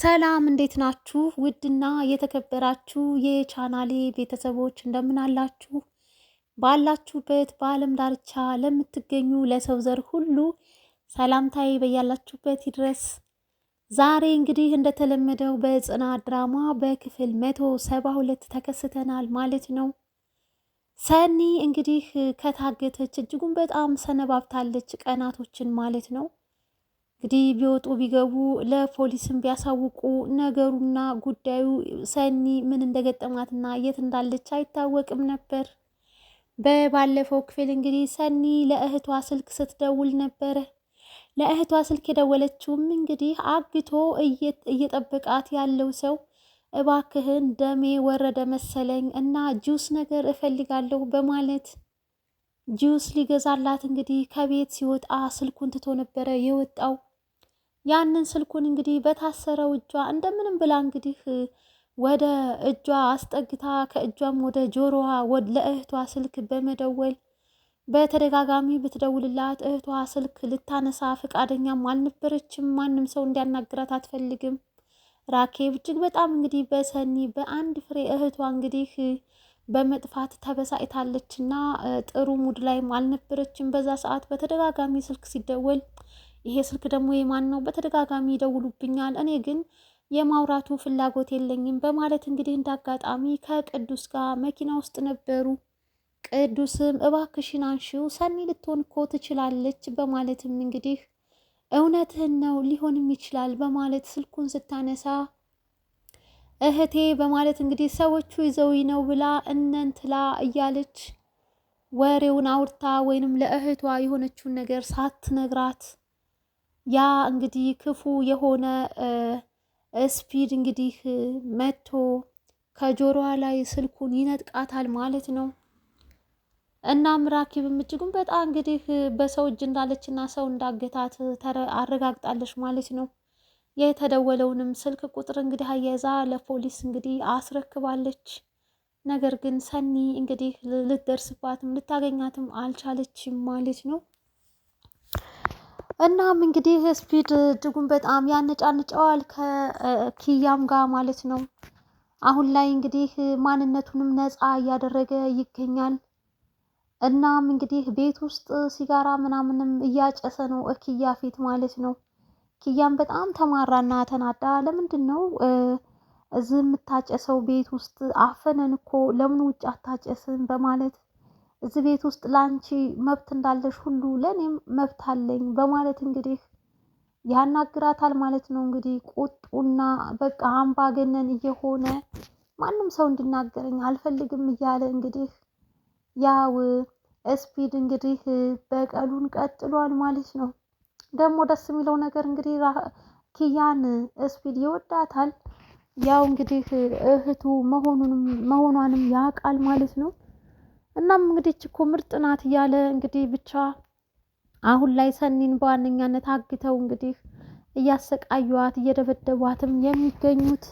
ሰላም እንዴት ናችሁ? ውድና የተከበራችሁ የቻናሌ ቤተሰቦች እንደምን አላችሁ? ባላችሁበት በዓለም ዳርቻ ለምትገኙ ለሰው ዘር ሁሉ ሰላምታዬ በያላችሁበት ይድረስ። ዛሬ እንግዲህ እንደተለመደው በጽናት ድራማ በክፍል መቶ ሰባ ሁለት ተከስተናል ማለት ነው። ሰኒ እንግዲህ ከታገተች እጅጉን በጣም ሰነባብታለች፣ ቀናቶችን ማለት ነው እንግዲህ ቢወጡ ቢገቡ ለፖሊስም ቢያሳውቁ ነገሩና ጉዳዩ ሰኒ ምን እንደገጠማትና የት እንዳለች አይታወቅም ነበር። በባለፈው ክፍል እንግዲህ ሰኒ ለእህቷ ስልክ ስትደውል ነበረ። ለእህቷ ስልክ የደወለችውም እንግዲህ አግቶ እየጠበቃት ያለው ሰው እባክህን ደሜ ወረደ መሰለኝ እና ጁስ ነገር እፈልጋለሁ በማለት ጁስ ሊገዛላት እንግዲህ ከቤት ሲወጣ ስልኩን ትቶ ነበረ የወጣው። ያንን ስልኩን እንግዲህ በታሰረው እጇ እንደምንም ብላ እንግዲህ ወደ እጇ አስጠግታ ከእጇም ወደ ጆሮዋ ለእህቷ ስልክ በመደወል በተደጋጋሚ ብትደውልላት እህቷ ስልክ ልታነሳ ፈቃደኛም አልነበረችም። ማንም ሰው እንዲያናግራት አትፈልግም። ራኬብ እጅግ በጣም እንግዲህ በሰኒ በአንድ ፍሬ እህቷ እንግዲህ በመጥፋት ተበሳጭታለች እና ጥሩ ሙድ ላይም አልነበረችም። በዛ ሰዓት በተደጋጋሚ ስልክ ሲደወል ይሄ ስልክ ደግሞ የማን ነው? በተደጋጋሚ ይደውሉብኛል፣ እኔ ግን የማውራቱ ፍላጎት የለኝም በማለት እንግዲህ እንዳጋጣሚ ከቅዱስ ጋር መኪና ውስጥ ነበሩ። ቅዱስም እባክሽን አንሺው ሰኒ ልትሆን እኮ ትችላለች በማለትም እንግዲህ እውነትህን ነው ሊሆንም ይችላል በማለት ስልኩን ስታነሳ እህቴ በማለት እንግዲህ ሰዎቹ ይዘው ነው ብላ እነንትላ እያለች ወሬውን አውርታ ወይንም ለእህቷ የሆነችውን ነገር ሳትነግራት ያ እንግዲህ ክፉ የሆነ ስፒድ እንግዲህ መጥቶ ከጆሮዋ ላይ ስልኩን ይነጥቃታል ማለት ነው። እናም ራኪብም እጅጉን በጣም እንግዲህ በሰው እጅ እንዳለች እና ሰው እንዳገታት አረጋግጣለች ማለት ነው። የተደወለውንም ስልክ ቁጥር እንግዲህ አያይዛ ለፖሊስ እንግዲህ አስረክባለች። ነገር ግን ሰኒ እንግዲህ ልትደርስባትም ልታገኛትም አልቻለችም ማለት ነው። እናም እንግዲህ ስፒድ እጅጉን በጣም ያነጫንጨዋል ከኪያም ጋር ማለት ነው። አሁን ላይ እንግዲህ ማንነቱንም ነፃ እያደረገ ይገኛል። እናም እንግዲህ ቤት ውስጥ ሲጋራ ምናምንም እያጨሰ ነው እኪያ ፊት ማለት ነው። ኪያም በጣም ተማራና ተናዳ ለምንድን ነው እዚህ የምታጨሰው ቤት ውስጥ አፈነን እኮ ለምን ውጭ አታጨስም? በማለት እዚህ ቤት ውስጥ ለአንቺ መብት እንዳለሽ ሁሉ ለእኔም መብት አለኝ በማለት እንግዲህ ያናግራታል ማለት ነው። እንግዲህ ቁጡና በቃ አምባገነን እየሆነ ማንም ሰው እንዲናገረኝ አልፈልግም እያለ እንግዲህ ያው ስፒድ እንግዲህ በቀሉን ቀጥሏል ማለት ነው። ደግሞ ደስ የሚለው ነገር እንግዲህ ኪያን ስፒድ ይወዳታል። ያው እንግዲህ እህቱ መሆኑንም መሆኗንም ያውቃል ማለት ነው። እናም እንግዲህ እኮ ምርጥ ናት እያለ እንግዲህ ብቻ አሁን ላይ ሰኒን በዋነኛነት አግተው እንግዲህ እያሰቃዩዋት እየደበደቧትም የሚገኙት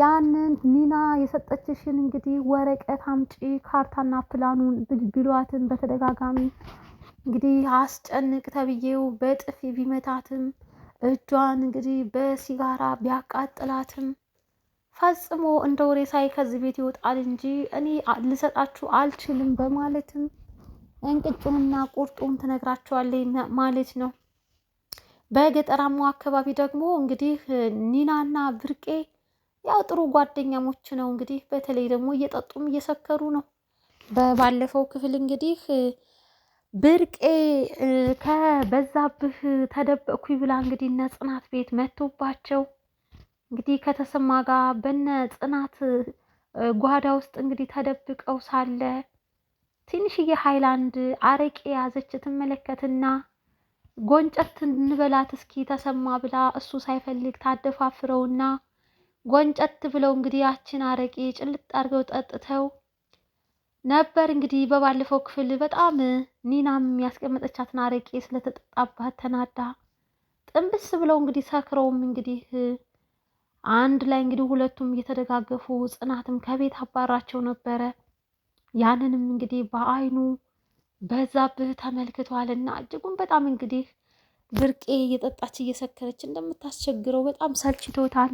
ያንን ኒና የሰጠችሽን እንግዲህ ወረቀት አምጪ ካርታና ፕላኑን ብሏትን በተደጋጋሚ እንግዲህ አስጨንቅ ተብዬው በጥፊ ቢመታትም እጇን እንግዲህ በሲጋራ ቢያቃጥላትም ፈጽሞ እንደ ወሬ ሳይ ከዚህ ቤት ይወጣል እንጂ እኔ ልሰጣችሁ አልችልም በማለትም እንቅጩንና ቁርጡን ትነግራቸዋለች ማለት ነው። በገጠራማው አካባቢ ደግሞ እንግዲህ ኒናና ብርቄ ያው ጥሩ ጓደኛሞች ነው። እንግዲህ በተለይ ደግሞ እየጠጡም እየሰከሩ ነው። በባለፈው ክፍል እንግዲህ ብርቄ ከበዛብህ ተደበቅኩኝ ብላ እንግዲህ ነጽናት ቤት መቶባቸው እንግዲህ ከተሰማ ጋር በነ ጽናት ጓዳ ውስጥ እንግዲህ ተደብቀው ሳለ ትንሽዬ ሃይላንድ አረቄ የያዘች ትመለከትና ጎንጨት እንበላት እስኪ ተሰማ ብላ እሱ ሳይፈልግ ታደፋፍረውና ጎንጨት ብለው እንግዲህ ያችን አረቄ ጭልጥ አድርገው ጠጥተው ነበር። እንግዲህ በባለፈው ክፍል በጣም ኒናም ያስቀመጠቻትን አረቄ ስለተጠጣባት ተናዳ ጥንብስ ብለው እንግዲህ ሰክረውም እንግዲህ አንድ ላይ እንግዲህ ሁለቱም እየተደጋገፉ ጽናትም ከቤት አባራቸው ነበረ። ያንንም እንግዲህ በአይኑ በዛብህ ተመልክቷልና እጅጉን በጣም እንግዲህ ብርቄ እየጠጣች እየሰከረች እንደምታስቸግረው በጣም ሰልችቶታል።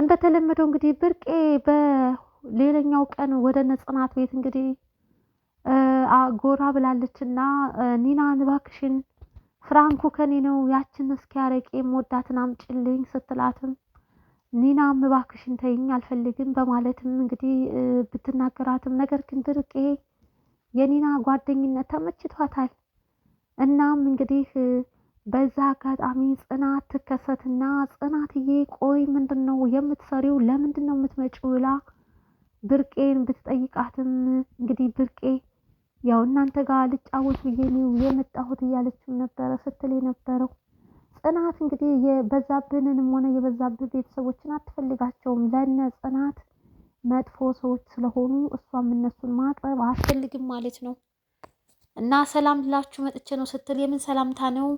እንደተለመደው እንግዲህ ብርቄ በሌላኛው ቀን ወደ ነጽናት ቤት እንግዲህ ጎራ ብላለችና ኒና ንባክሽን ፍራንኩ ከኔ ነው ያችን እስኪ ያረቄ ወዳትን አምጭልኝ ስትላትም ኒናም እባክሽን ተይኝ አልፈልግም በማለትም እንግዲህ ብትናገራትም ነገር ግን ድርቄ የኒና ጓደኝነት ተመችቷታል። እናም እንግዲህ በዛ አጋጣሚ ጽናት ትከሰትና ጽናትዬ ቆይ ምንድን ነው የምትሰሪው? ለምንድን ነው የምትመጪው? ብላ ብርቄን ብትጠይቃትም እንግዲህ ብርቄ ያው እናንተ ጋር ልጫወት ብዬ ነው የመጣሁት እያለችው ነበረ ስትል የነበረው ጽናት እንግዲህ የበዛብንንም ሆነ የበዛብን ቤተሰቦችን አትፈልጋቸውም። ለነ ጽናት መጥፎ ሰዎች ስለሆኑ እሷም እነሱን ማቅረብ አትፈልግም ማለት ነው። እና ሰላም ልላችሁ መጥቼ ነው ስትል የምን ሰላምታ ነው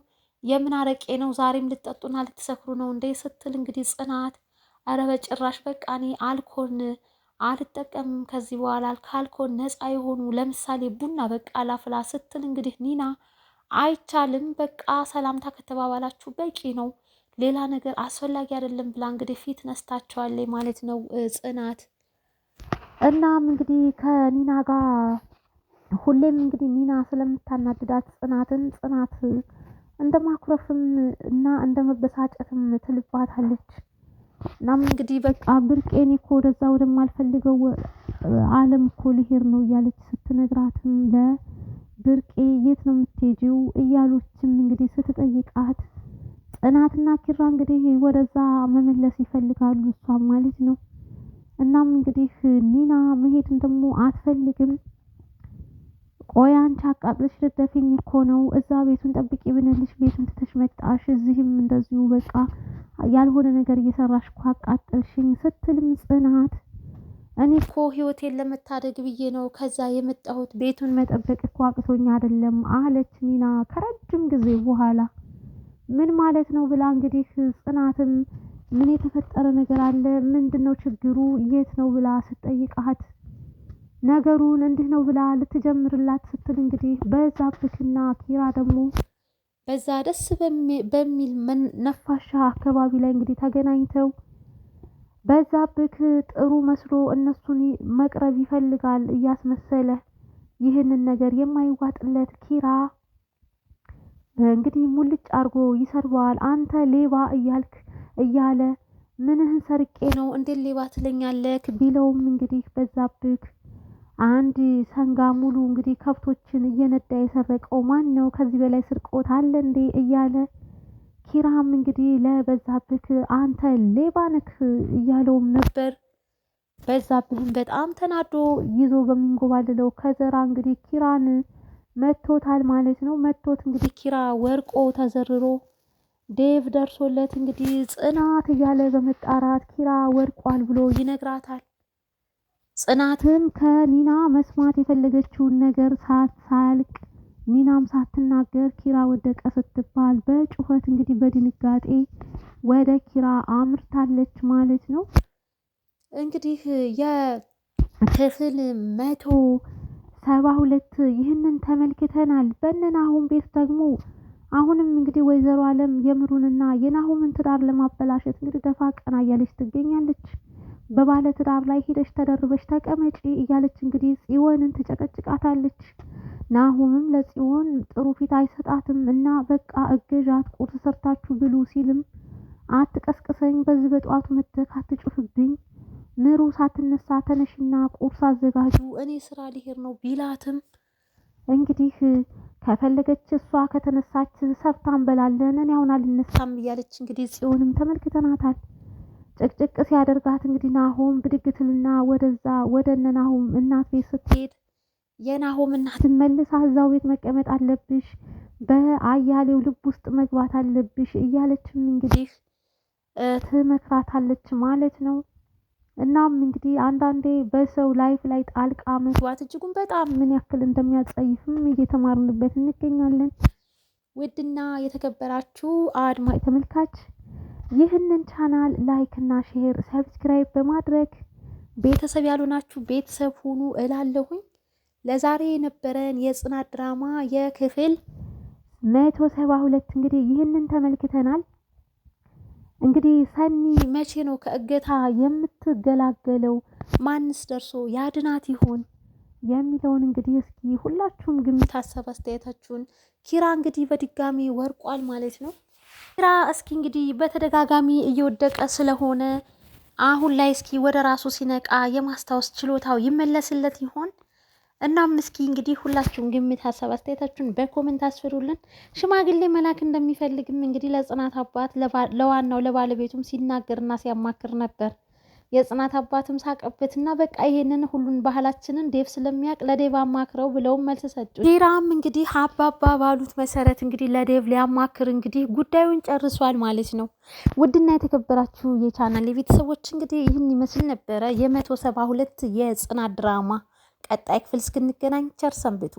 የምን አረቄ ነው ዛሬም ልጠጡና ልትሰክሩ ነው እንዴ ስትል እንግዲህ ጽናት ኧረ በጭራሽ በቃ እኔ አልኮን አልጠቀምም ከዚህ በኋላ ካልኮን ነፃ የሆኑ ለምሳሌ ቡና በቃ ላፍላ ስትል እንግዲህ ኒና አይቻልም በቃ ሰላምታ ከተባባላችሁ በቂ ነው፣ ሌላ ነገር አስፈላጊ አይደለም ብላ እንግዲህ ፊት ነስታቸዋለች ማለት ነው ጽናት። እናም እንግዲህ ከኒና ጋር ሁሌም እንግዲህ ኒና ስለምታናድዳት ጽናትን ጽናት እንደ ማኩረፍም እና እንደ መበሳጨትም ትልባታለች። እናም እንግዲህ በቃ ብርቄን እኮ ወደዛ ወደማልፈልገው አለም እኮ ልሄድ ነው እያለች ስትነግራትም ለብርቄ የት ነው የምትሄጂው እያሎችም እንግዲህ ስትጠይቃት ጽናትና ኪራ እንግዲህ ወደዛ መመለስ ይፈልጋሉ እሷም ማለት ነው። እናም እንግዲህ ኒና መሄድን ደግሞ አትፈልግም። ቆይ አንቺ አቃጥለሽ ልትደፊኝ እኮ ነው። እዛ ቤቱን ጠብቂ ብንልሽ ቤቱን ትተሽ መጣሽ። እዚህም እንደዚሁ በቃ ያልሆነ ነገር እየሰራሽ እኮ አቃጠልሽኝ ስትልም ጽናት እኔ እኮ ህይወቴን ለመታደግ ብዬ ነው ከዛ የመጣሁት ቤቱን መጠበቅ እኮ አቅቶኝ አይደለም አለች ኒና ከረጅም ጊዜ በኋላ። ምን ማለት ነው ብላ እንግዲህ ጽናትም ምን የተፈጠረ ነገር አለ ምንድን ነው ችግሩ የት ነው ብላ ስትጠይቃት ነገሩን እንዲህ ነው ብላ ልትጀምርላት ስትል እንግዲህ በዛብሽና ኪራ ደግሞ በዛ ደስ በሚል ነፋሻ አካባቢ ላይ እንግዲህ ተገናኝተው በዛብህ ጥሩ መስሎ እነሱን መቅረብ ይፈልጋል እያስመሰለ ይህንን ነገር የማይዋጥለት ኪራ እንግዲህ ሙልጭ አድርጎ ይሰርበዋል። አንተ ሌባ እያልክ እያለ ምንህን ሰርቄ ነው እንዴት ሌባ ትለኛለክ ቢለውም እንግዲህ በዛብህ አንድ ሰንጋ ሙሉ እንግዲህ ከብቶችን እየነዳ የሰረቀው ማን ነው? ከዚህ በላይ ስርቆት አለ እንዴ? እያለ ኪራም እንግዲህ ለበዛብህ አንተ ሌባ እያለውም ነበር። በዛብህም በጣም ተናዶ ይዞ በሚንጎባልለው ከዘራ እንግዲህ ኪራን መቶታል ማለት ነው። መቶት እንግዲህ ኪራ ወርቆ ተዘርሮ ዴቭ ደርሶለት እንግዲህ ጽናት እያለ በመጣራት ኪራ ወርቋል ብሎ ይነግራታል። ጽናትም ከኒና መስማት የፈለገችውን ነገር ሳትሳልቅ ኒናም ሳትናገር ኪራ ወደቀ ስትባል በጩኸት እንግዲህ በድንጋጤ ወደ ኪራ አምርታለች ማለት ነው። እንግዲህ የክፍል መቶ ሰባ ሁለት ይህንን ተመልክተናል። በነናሁም ቤት ደግሞ አሁንም እንግዲህ ወይዘሮ አለም የምሩንና የናሁምን ትዳር ለማበላሸት እንግዲህ ደፋ ቀና እያለች ትገኛለች። በባለ ትዳር ላይ ሄደሽ ተደርበሽ ተቀመጪ እያለች እንግዲህ ጽዮንን ትጨቀጭቃታለች። ናሁምም ለጽዮን ጥሩ ፊት አይሰጣትም እና በቃ እገዣት ቁርስ ሰርታችሁ ብሉ ሲልም አትቀስቅሰኝ፣ በዚህ በጠዋቱ መጥተህ አትጩፍብኝ፣ ምሩ ሳትነሳ ተነሽና ቁርስ አዘጋጁ፣ እኔ ስራ ሊሄድ ነው ቢላትም እንግዲህ ከፈለገች እሷ ከተነሳች ሰርታ እንበላለን፣ እኔ አሁን አልነሳም እያለች እንግዲህ ጽዮንም ተመልክተናታል። ጭቅጭቅ ሲያደርጋት እንግዲህ ናሆም ብድግትንና ወደዛ ወደ እነ ናሆም እናት ቤት ስትሄድ የናሆም እናት መልሳ እዛው ቤት መቀመጥ አለብሽ፣ በአያሌው ልብ ውስጥ መግባት አለብሽ እያለችም እንግዲህ ትመክራታለች ማለት ነው። እናም እንግዲህ አንዳንዴ በሰው ላይፍ ላይ ጣልቃ መግባት እጅጉን በጣም ምን ያክል እንደሚያጸይፍም እየተማርንበት እንገኛለን። ውድና የተከበራችሁ አድማጭ ተመልካች ይህንን ቻናል ላይክ እና ሼር ሰብስክራይብ በማድረግ ቤተሰብ ያልሆናችሁ ቤተሰብ ሁኑ እላለሁኝ። ለዛሬ የነበረን የጽናት ድራማ የክፍል መቶ ሰባ ሁለት እንግዲህ ይህንን ተመልክተናል። እንግዲህ ሰኒ መቼ ነው ከእገታ የምትገላገለው? ማንስ ደርሶ ያድናት ይሆን የሚለውን እንግዲህ እስኪ ሁላችሁም ግምት፣ ሀሳብ አስተያየታችሁን። ኪራ እንግዲህ በድጋሚ ወርቋል ማለት ነው። ኪራ እስኪ እንግዲህ በተደጋጋሚ እየወደቀ ስለሆነ አሁን ላይ እስኪ ወደ ራሱ ሲነቃ የማስታወስ ችሎታው ይመለስለት ይሆን? እናም እስኪ እንግዲህ ሁላችሁን ግምት፣ ሀሳብ አስተያየታችሁን በኮሜንት አስፍሩልን። ሽማግሌ መላክ እንደሚፈልግም እንግዲህ ለጽናት አባት ለዋናው ለባለቤቱም ሲናገርና ሲያማክር ነበር። የጽናት አባትም ሳቀበትና በቃ ይሄንን ሁሉን ባህላችንን ዴቭ ስለሚያውቅ ለዴቭ አማክረው ብለው መልስ ሰጡ። ኪራም እንግዲህ አባባ ባሉት መሰረት እንግዲህ ለዴቭ ሊያማክር እንግዲህ ጉዳዩን ጨርሷል ማለት ነው። ውድና የተከበራችሁ የቻናል የቤተሰቦች እንግዲህ ይህን ይመስል ነበረ የመቶ ሰባ ሁለት የጽናት ድራማ ቀጣይ ክፍል እስክንገናኝ ቸር ሰንብቱ።